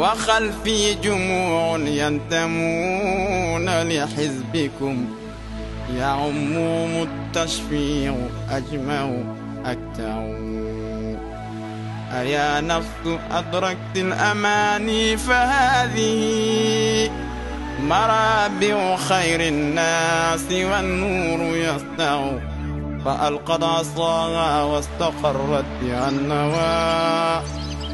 وخلفي جموع ينتمون لحزبكم يعمهم التشفيع أجمع أكتع أيا نفس أدركت الأماني فهذه مرابع خير الناس والنور يسطع فألقت عصاها واستقرت بها النوى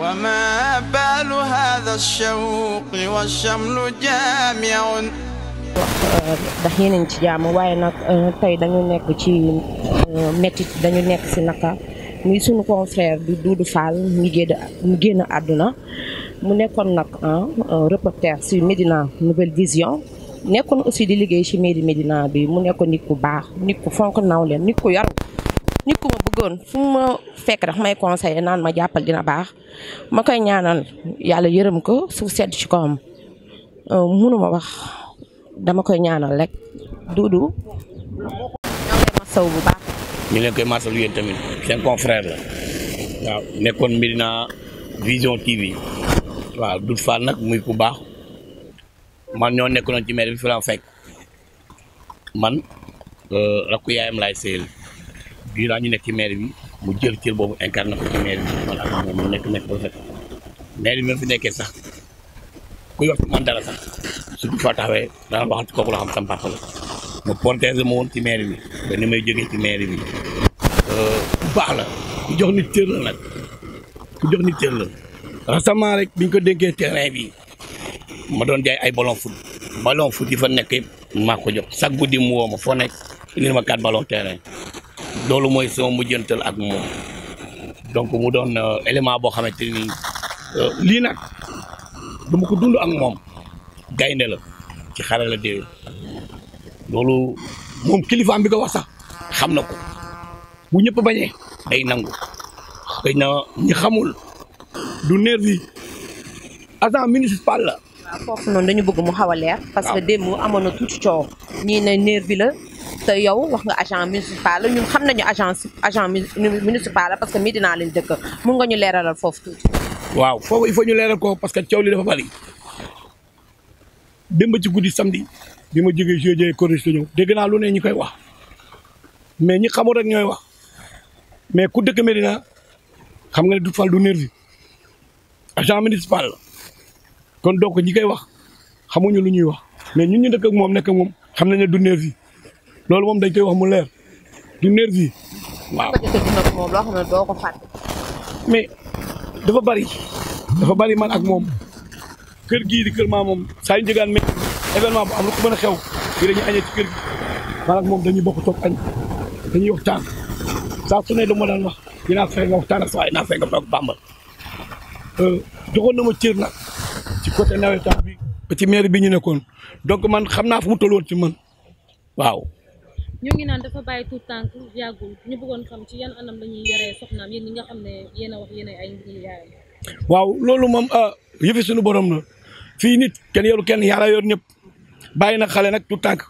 وما بال هذا الشوق والشمل جامع ndax yeneen ci jàmm waaye nag euh, tey dañu nekk ci euh, métit dañu nekk ci naka muy sunu confrère bi du Fall mu génn mu génn àdduna mu nekkoon nag euh, reporter si Médina Nouvelle Vision nekkoon aussi di liggéey ci mairie Médina bi mu nekkoon nit ku baax nit ku fonk naw leen nit ku yaru nit ku bëggoon fu ma fekk rek may conseillé naan ma jàppal dina baax ma koy ñaanal yàlla yërëm ko suuf sedd ci kawam euh, munuma wax dama koy ñaanal rek duudu saw bu baax. ñu leen koy tamit seen confrère la waaw nekkoon Vision TV waaw Doudou Fall nag muy ku baax man ñoo nekkoon ci maire bi fi fekk man euh, rakku yaayam laay sëyal durant ñu nekk ci maire bi mu jël cër boobu incarné na ko ci maire bi ma ak nekk nekkee sax ku wax ci man dara sax surtout fa taxawee dana waxal ci kooku la xam sam papa la mu protéger ma woon ci maire bi ba ni may jógee ci maire bi bu baax la ku jox nit cër la nag ku jox nit cër la rek biñ ko dénkee bi ma doon jaay ay ballon foot ballon fut yi fa nekk yëpp maa ko jox chaque guddi mu woo foo nekk indil ma quatre ballon terrain loolu mooy sama mujjantal ak moom donc mu doon euh, élément boo xamante ni euh, lii nag dama ko dund ak moom gaynde la ci xarala déwén loolu moom kilifa bi ko wax sax xam na ko bu ñëpp bañee day nangu xëy na ñi xamul du nervi agent municipal la. waaw foofu noonu dañu bëgg mu xaw a leer. parce que ah. amoon na tuuti coow. ñii ne nervi la. te yow wax nga agent municipal la ñun xam nañu agent agent municipal la parce que Médina lañ dëkk mun nga ñu leeralal foofu tuuti. waaw foofu il faut ñu leeral ko parce que coow li dafa bari démb ci guddi samedi bi ma jógee GIE Corniche la ñëw dégg na lu ne ñu koy wax mais ñi xamul rek ñooy wax mais ku dëkk Médina xam nga ne du fal du nervi agent municipal la ñi koy wax xamuñu lu ñuy wax mais ñun ñu dëkk moom nekk moom xam nañ ne du nervi loolu moom dañ koy wax mu leer du nervi waaw. moom loo xam ko fàtte. dafa bari dafa bari man ak moom kër gii di kër maa moom saa yu njëgaan mais événement bu am mën a xew fii añee ci kër gi man ak moom dañuy bokk toog añ dañuy waxtaan saa su ne dama daan wax dinaa fexe nga waxtaan ak saa yi naa fexe nga toog bàmbal euh, joxoon na ma cër nag ci côté nawetaan bi ba ci mairie bi ñu nekkoon donc man xam naa fu mu tolloon ci man waaw. ñu ngi naan dafa bàyyi tout tànk yàggul ñu bëggoon xam ci yan anam la ñuy soxnaam yéen ñi nga xam ne yéen a wax yéen ay yaayam. waaw loolu moom ah, yëfi sunu borom la fii nit kenn yoru kenn yàlla yor ñëpp bàyyi na xale nag tout tànk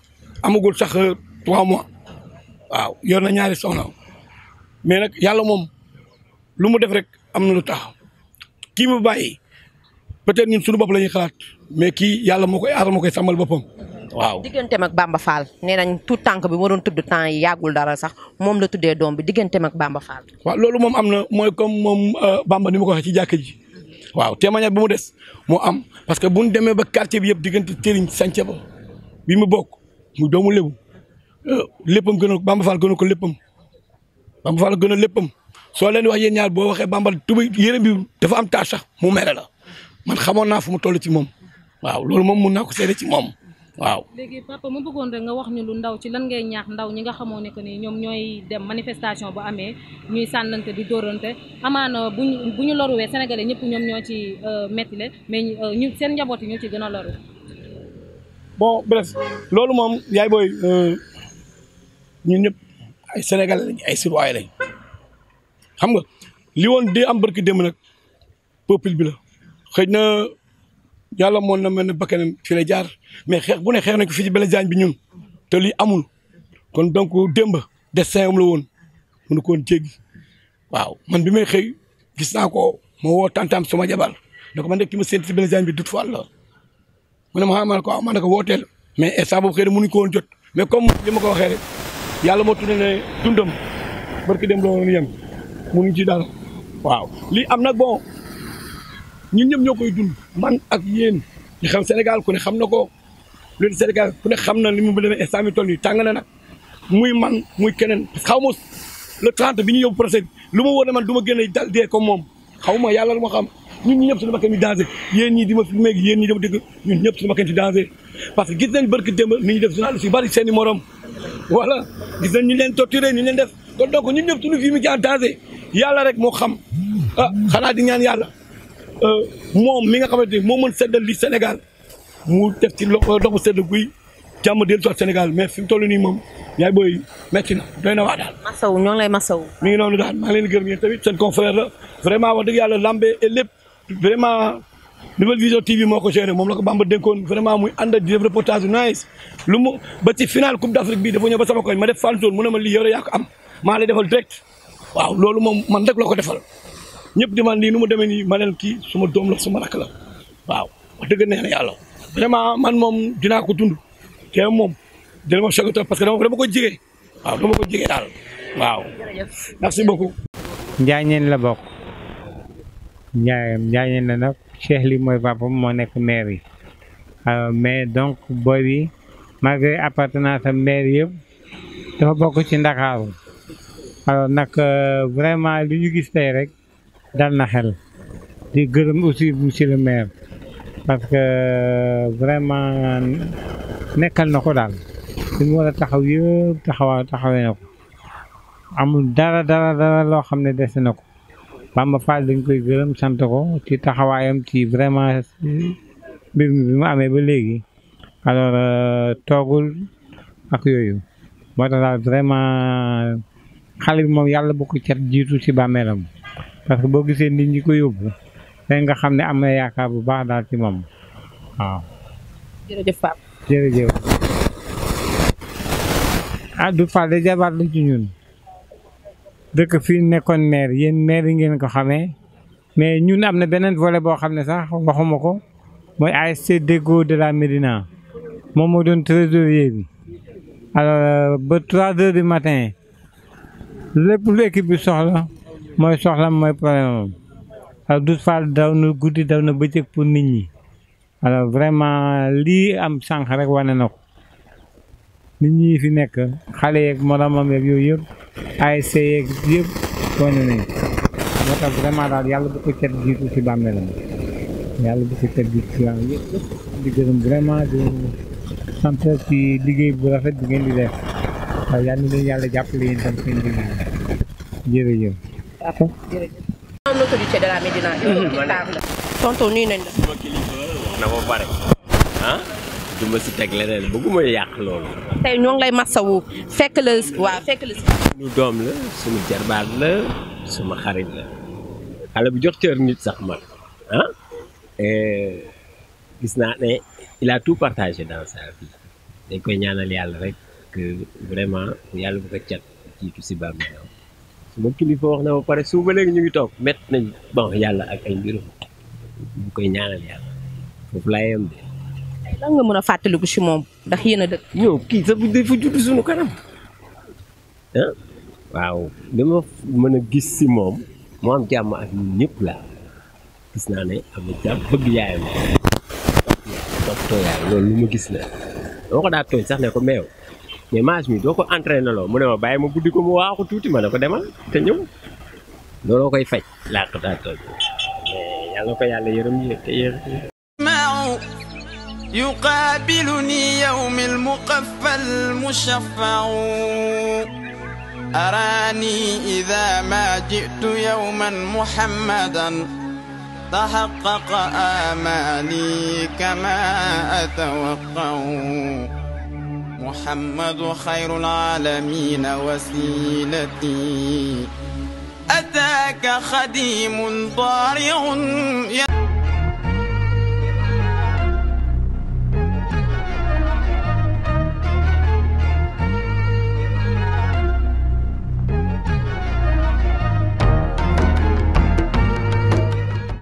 amagul sax euh, trois mois waaw yor na ñaari soxna mais nag yàlla moom lu mu def rek am na lu tax kii mu bàyyi peut-être ñun suñu bopp la ñuy xalaat mais kii yàlla moo koy aar moo koy samal boppam. waaw digganteem ak Bamba Fall nee nañ tout tànk bi ma doon tudd temps yi yàggul dara sax moom la tuddee doom bi digganteem ak Bamba Fall. waaw loolu moom am na mooy comme moom euh, Bamba ni mu ko waxee ci jàkka ji waaw témoignage bi mu des moo am parce que bu ñu demee ba quartier bi yëpp diggante Tëriñ Sanca ba bi mu bokk mu doomu Lebu euh, léppam gën a Bamba Fall gën a ko léppam Bamba Fall gën a léppam soo leen wax yéen ñaar boo waxee Bamba tub yere bi dafa am tache sax mu mere la man xamoon naa fu mu toll ci moom waaw loolu moom mun naa ko seede ci moom. waaw léegi papa mu bëggoon rek nga wax ñu lu ndaw ci lan ngay ñaax ndaw ñi nga xamoo ne que ni ñoom ñooy dem manifestation bu amee ñuy sànnante di dorante amaan buñ bu ñu loruwee sénégalais ñëpp ñoom ñoo ci euh, metti le mais euh, ñu seen njaboot yi ñoo ci gën a loru bon bref loolu moom yaay booy euh, ñu ñëpp ay sénégalais ay citoyen lañ xam nga li woon di am barki démb nag peuple bi la xëy na yàlla moon na mel ne bakkanam fi la jaar mais xeex bu ne xeex nañ ko fii ci Blaise Diagne bi ñun te lii amul kon donc démb destin am la woon mënu ko woon jéggi waaw man bi may xëy gis naa ko moo woo tantam suma jabar ne ko man de ki ma séntu si Blaise Diagne bi dut fa la mu a ma ah, man ko ah, man na ko wooteel mais instant boobu xëy na mënuñ ko woon jot mais comme li ma ko waxee rek yàlla moo tudd ne dundam barki dem la woon yem mënuñ ci waaw ñun ñëpp ñoo koy dund man ak yéen ñu xam Sénégal ku ne xam na ko loolu Sénégal ku ne xam na li mu demee instant mi toll nii tàng na nag muy man muy keneen xaw ma le 30 bi ñu yóbbu procès bi lu ma wóor ne man du ma gën a dal ko moom xaw ma yàlla lu ma xam ñun ñëpp suñu bakkan yi danger yéen ñii di ma filmé yéen ñii di ma ñun ñëpp suñu bakkan ci danger parce que gis nañ barki démb ni ñu def si journaliste yu bari seen morom wala gis nañ ñu leen torturé ñu leen def kon donc ñun ñëpp suñu vie mi ci en danger yàlla rek moo xam ah xanaa di ñaan yàlla moom mi nga xamante ni moom mën seddal lii senegal mu def ci loxo doxu sedd guy jàmm dellu soit Sénégal mais fi mu toll nii moom yaay booy metti na doy na waa daal. Massaw ñoo ngi lay Massaw. mi ngi noonu daal maa ngi leen di gërëm yéen tamit seen confrère la vraiment wax dëgg yàlla lambe et lépp vraiment Nouvelle moo ko géré moom la ko Bamba dénkoon vraiment muy ànd di def reportage lu mu ba ci final Coupe d' Afrique bi ba sama koñ ma def fan zone mu ne ma lii yore yaa ko am maa lay defal direct waaw loolu moom man deg la ko defal. ñëpp di man nu mu demee nii ma kii suma doom la suma rakk waaw wax dëgg neex na yàlla vraiment man moom dinaa ko dund te moom dina ma choqué parce que dama ko jege waaw dama ko jege daal waaw. merci beaucoup. Njaañeen la bokk Njaañeen la nag Cheikh li mooy papam moo nekk maire yi euh, mais donc boy bi malgré appartenance am maire yëpp dafa bokk ci Ndakaaru alors euh, nag euh, vraiment liñu ñu gis rek. dal na xel di gërëm aussi monsieur le parce que vraiment nekkal na ko daal li mu war taxaw yëpp taxawa taxawee amul dara dara loo xam ne dese na ko Bamba Fall dañ koy gërëm sant ko ci taxawaayam ci vraiment mbir mi bi mu amee ba léegi alors euh, toogul ak yooyu moo tax daal vraiment xale bi moom yàlla bu ko cat jiitu ci bàmmeelam parce que boo gisee nit ñi ko yóbbu da nga xam ne am na yaakaar bu baax daal ci moom waaw. jërëjëf Pape. jërëjëf. ah du Fall de jabaat lu ci ñun dëkk fii nekkoon maire yéen maire yi ngeen ko xamee mais ñun am na beneen vole boo xam ne sax waxuma ko mooy ASC Déggo de la Médina moom moo doon trésorier bi alors euh, ba trois heures du matin lépp lu équipe soxla. mooy soxlam mooy problème am Doudou Fall daw na guddi daw na bëccëg pour nit ñi alors vraiment lii am sànq rek wane na ko nit ñi fi nekk xale yeeg moromam yeeg yooyu yëpp ay seyeeg yëpp wane nañ moo tax vraiment daal yàlla bu cet jiitu si bàmmeelam yàlla bu ko cet jiitu si bàmmeelam yëpp di vraiment di ci liggéey bu rafet bi ngeen di def waaw yal na leen yàlla jàppale yéen affaire jërëjëf. am na autorité de la Médina. tonton la. na ko ah? ma si teg leneen bëgguma yàq loolu. tey lay masawu fekk la waaw fekk la. suma doom la suñu jarbaat la suma xarit la xale bu jox cër nit sax man ah eh, gis naa ne il a tout partagé dans sa dañ koy ñaanal yàlla rek que vraiment yàlla bu ko cat jiitu si bàmmeelam suma kilifa wax na ba pare suba léegi ñu ngi toog mett nañ bon yàlla ak ay mbirum bu koy ñaanal yàlla foofu laa yem de. lan nga mën a fàttaliku ci moom ndax yéen a dëkk. ñëw kii sax dafa judd suñu kanam ah waaw li ma mën a gis si moom moo am jàmm ak ñun ñëpp laa gis naa ne am na jàmm bëgg yaayam toppatoo yaayam loolu lu ma gis la dama ko daa tooñ sax ne ko meew. mais Mass mi doo ko entraîné loo mu ne ma bàyyi ma guddi ko mu waaxu tuuti ma ne ko demal te ñëw looloo koy faj làq daa tooj mais yàlla ko yàlla yërëm yéex te yéex يقابلني يوم المقفى المشفع أراني إذا ما جئت يوما محمدا تحقق آمالي كما أتوقع محمد خير العالمين وسيلتي أتاك خديم ضارع